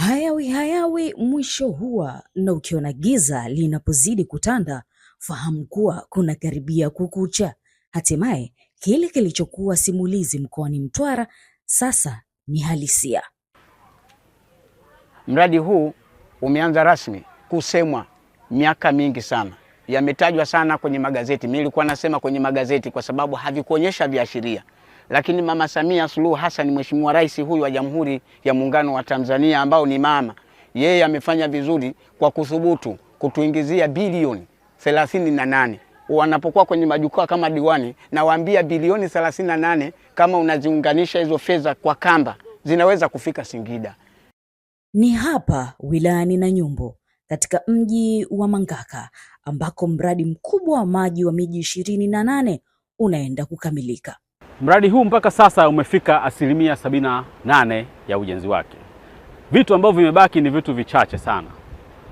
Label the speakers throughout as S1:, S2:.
S1: Hayawi hayawi mwisho huwa, na ukiona giza linapozidi kutanda, fahamu kuwa kuna karibia kukucha. Hatimaye kile kilichokuwa simulizi mkoani Mtwara sasa ni halisia.
S2: Mradi huu umeanza rasmi kusemwa miaka mingi sana, yametajwa sana kwenye magazeti. Mimi nilikuwa nasema kwenye magazeti kwa sababu havikuonyesha viashiria lakini Mama Samia Suluhu Hassan, mheshimiwa rais huyu wa Jamhuri ya Muungano wa Tanzania, ambao ni mama, yeye amefanya vizuri kwa kuthubutu kutuingizia bilioni thelathini na nane wanapokuwa kwenye majukwaa kama diwani, nawaambia bilioni thelathini na nane kama unaziunganisha hizo fedha kwa kamba zinaweza kufika Singida.
S1: Ni hapa wilayani Nanyumbu katika mji wa Mangaka ambako mradi mkubwa wa maji wa miji ishirini na nane unaenda kukamilika.
S3: Mradi huu mpaka sasa umefika asilimia sabini na nane ya ujenzi wake. Vitu ambavyo vimebaki ni vitu vichache sana.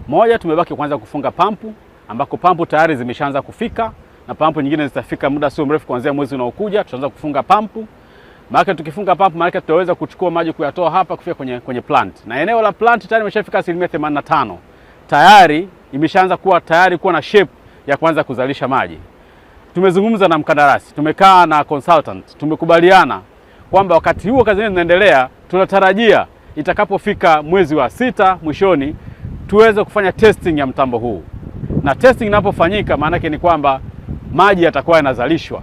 S3: Moja, tumebaki kwanza kufunga pampu, ambako pampu tayari zimeshaanza kufika na pampu nyingine zitafika muda sio mrefu, kuanzia mwezi unaokuja tutaanza kufunga pampu. Maana tukifunga pampu, maana tutaweza kuchukua maji kuyatoa hapa kufika kwenye, kwenye plant, na eneo la plant tayari imeshafika asilimia 85 tayari imeshaanza kuwa tayari kuwa na shape ya kuanza kuzalisha maji tumezungumza na mkandarasi, tumekaa na consultant, tumekubaliana kwamba wakati huo kazi zinaendelea, tunatarajia itakapofika mwezi wa sita mwishoni tuweze kufanya testing ya mtambo huu, na testing inapofanyika maanake ni kwamba maji yatakuwa yanazalishwa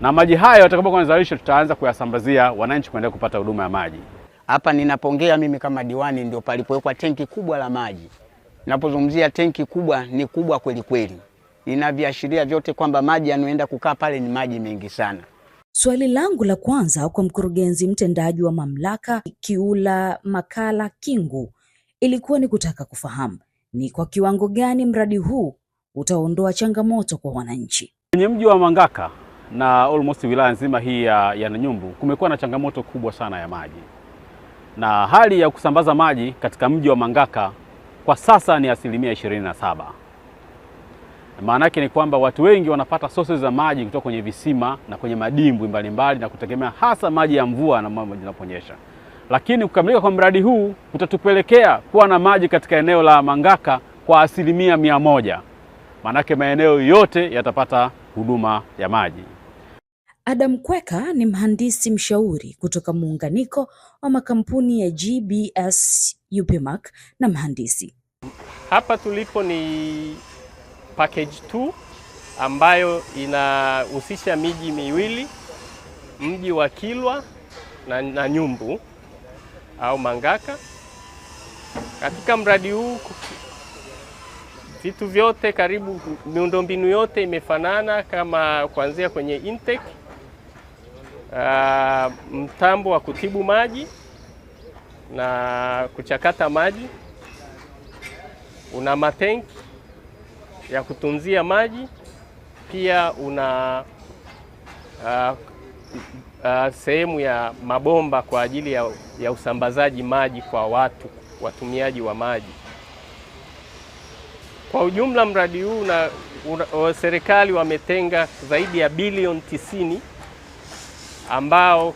S3: na maji hayo yatakapokuwa yanazalishwa tutaanza kuyasambazia wananchi kuendelea kupata huduma ya maji.
S2: Hapa ninapongea mimi kama diwani, ndio palipowekwa tenki kubwa la maji. Napozungumzia tenki kubwa, ni kubwa kweli kweli inaviashiria vyote kwamba maji yanayoenda kukaa pale ni maji mengi sana.
S1: Swali langu la kwanza kwa mkurugenzi mtendaji wa mamlaka Kiula Makala Kingu ilikuwa ni kutaka kufahamu ni kwa kiwango gani mradi huu utaondoa changamoto kwa wananchi
S3: kwenye mji wa Mangaka na almost wilaya nzima hii ya, ya Nanyumbu. Kumekuwa na changamoto kubwa sana ya maji na hali ya kusambaza maji katika mji wa Mangaka kwa sasa ni asilimia saba maana yake ni kwamba watu wengi wanapata sources za maji kutoka kwenye visima na kwenye madimbwi mbalimbali na kutegemea hasa maji ya mvua na mambo yanaponyesha. Lakini kukamilika kwa mradi huu kutatupelekea kuwa na maji katika eneo la Mangaka kwa asilimia mia moja. Maanake maeneo yote yatapata huduma ya maji.
S1: Adam Kweka ni mhandisi mshauri kutoka muunganiko wa makampuni ya GBS UPMAC na mhandisi.
S4: Hapa tulipo ni package 2 ambayo inahusisha miji miwili, mji wa Kilwa na, na Nyumbu au Mangaka. Katika mradi huu vitu vyote karibu miundombinu yote imefanana kama kuanzia kwenye intake Uh, mtambo wa kutibu maji na kuchakata maji, una matenki ya kutunzia maji, pia una uh, uh, sehemu ya mabomba kwa ajili ya, ya usambazaji maji kwa watu watumiaji wa maji. Kwa ujumla mradi huu na serikali wametenga zaidi ya bilioni tisini ambao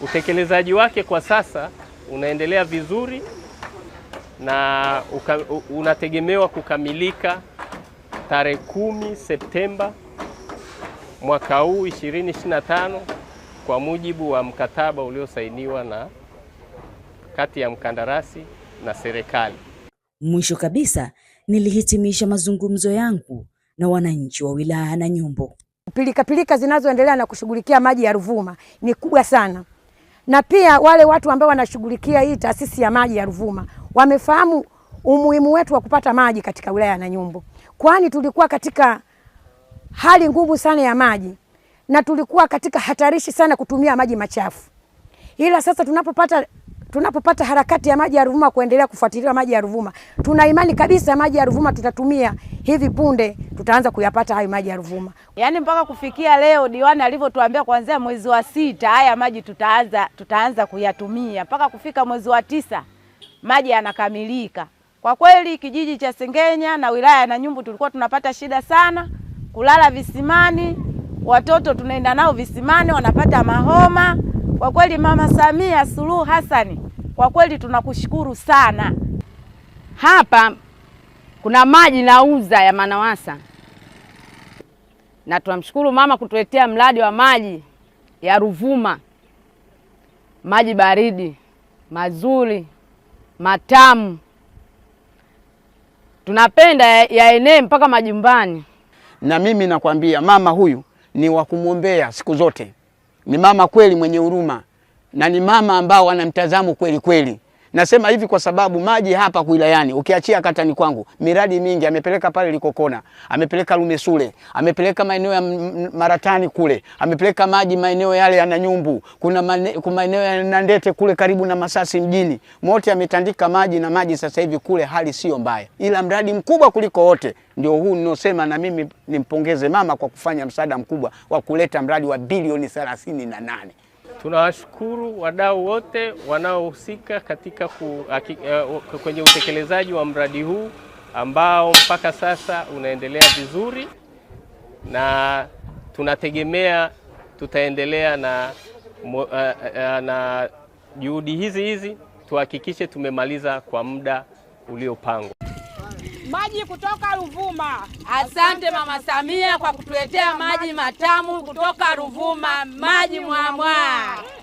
S4: utekelezaji wake kwa sasa unaendelea vizuri na uka, unategemewa kukamilika tarehe kumi Septemba mwaka huu 2025 kwa mujibu wa mkataba uliosainiwa na kati ya mkandarasi na serikali.
S1: Mwisho kabisa nilihitimisha mazungumzo yangu na wananchi wa wilaya na Pilika
S5: Pilikapilika zinazoendelea na kushughulikia maji ya Ruvuma ni kubwa sana, na pia wale watu ambao wanashughulikia hii taasisi ya maji ya Ruvuma wamefahamu umuhimu wetu wa kupata maji katika wilaya ya Nanyumbu kwani tulikuwa katika hali ngumu sana ya maji na tulikuwa katika hatarishi sana kutumia maji machafu. Ila sasa tunapopata tunapopata harakati ya maji ya Ruvuma kuendelea kufuatilia maji ya Ruvuma, tuna imani kabisa maji ya Ruvuma tutatumia hivi punde, tutaanza kuyapata hayo maji ya Ruvuma.
S6: Yaani mpaka kufikia leo diwani alivyotuambia kuanzia mwezi wa sita haya maji tutaanza tutaanza kuyatumia mpaka kufika mwezi wa tisa maji yanakamilika. Kwa kweli kijiji cha Sengenya na wilaya ya Nanyumbu tulikuwa tunapata shida sana kulala visimani, watoto tunaenda nao visimani wanapata mahoma. Kwa kweli Mama Samia Suluhu Hassan, kwa kweli tunakushukuru sana. Hapa kuna maji nauza ya Manawasa na tunamshukuru mama kutuletea mradi wa maji ya Ruvuma, maji baridi mazuri matamu tunapenda yaenee mpaka majumbani.
S2: Na mimi nakwambia mama huyu ni wa kumwombea siku zote, ni mama kweli mwenye huruma na ni mama ambao ana mtazamo kweli kweli. Nasema hivi kwa sababu maji hapa kuilayani ukiachia katani kwangu, miradi mingi amepeleka pale Likokona, amepeleka Lumesule, amepeleka maeneo ya Maratani kule, amepeleka maji maeneo yale ya Nanyumbu, kuna maeneo ya Nandete kule karibu na Masasi mjini, mote ametandika maji na maji sasa hivi kule hali sio mbaya, ila mradi mkubwa kuliko wote ndio huu ninosema, na mimi nimpongeze mama kwa kufanya msaada mkubwa wa kuleta mradi wa bilioni thelathini na nane.
S4: Tunawashukuru wadau wote wanaohusika katika ku, uh, kwenye utekelezaji wa mradi huu ambao mpaka sasa unaendelea vizuri na tunategemea tutaendelea na, uh, uh, na juhudi hizi hizi tuhakikishe tumemaliza kwa muda uliopangwa
S7: maji kutoka Ruvuma.
S8: Asante Mama Samia kwa kutuletea maji matamu kutoka Ruvuma, maji mwamwa.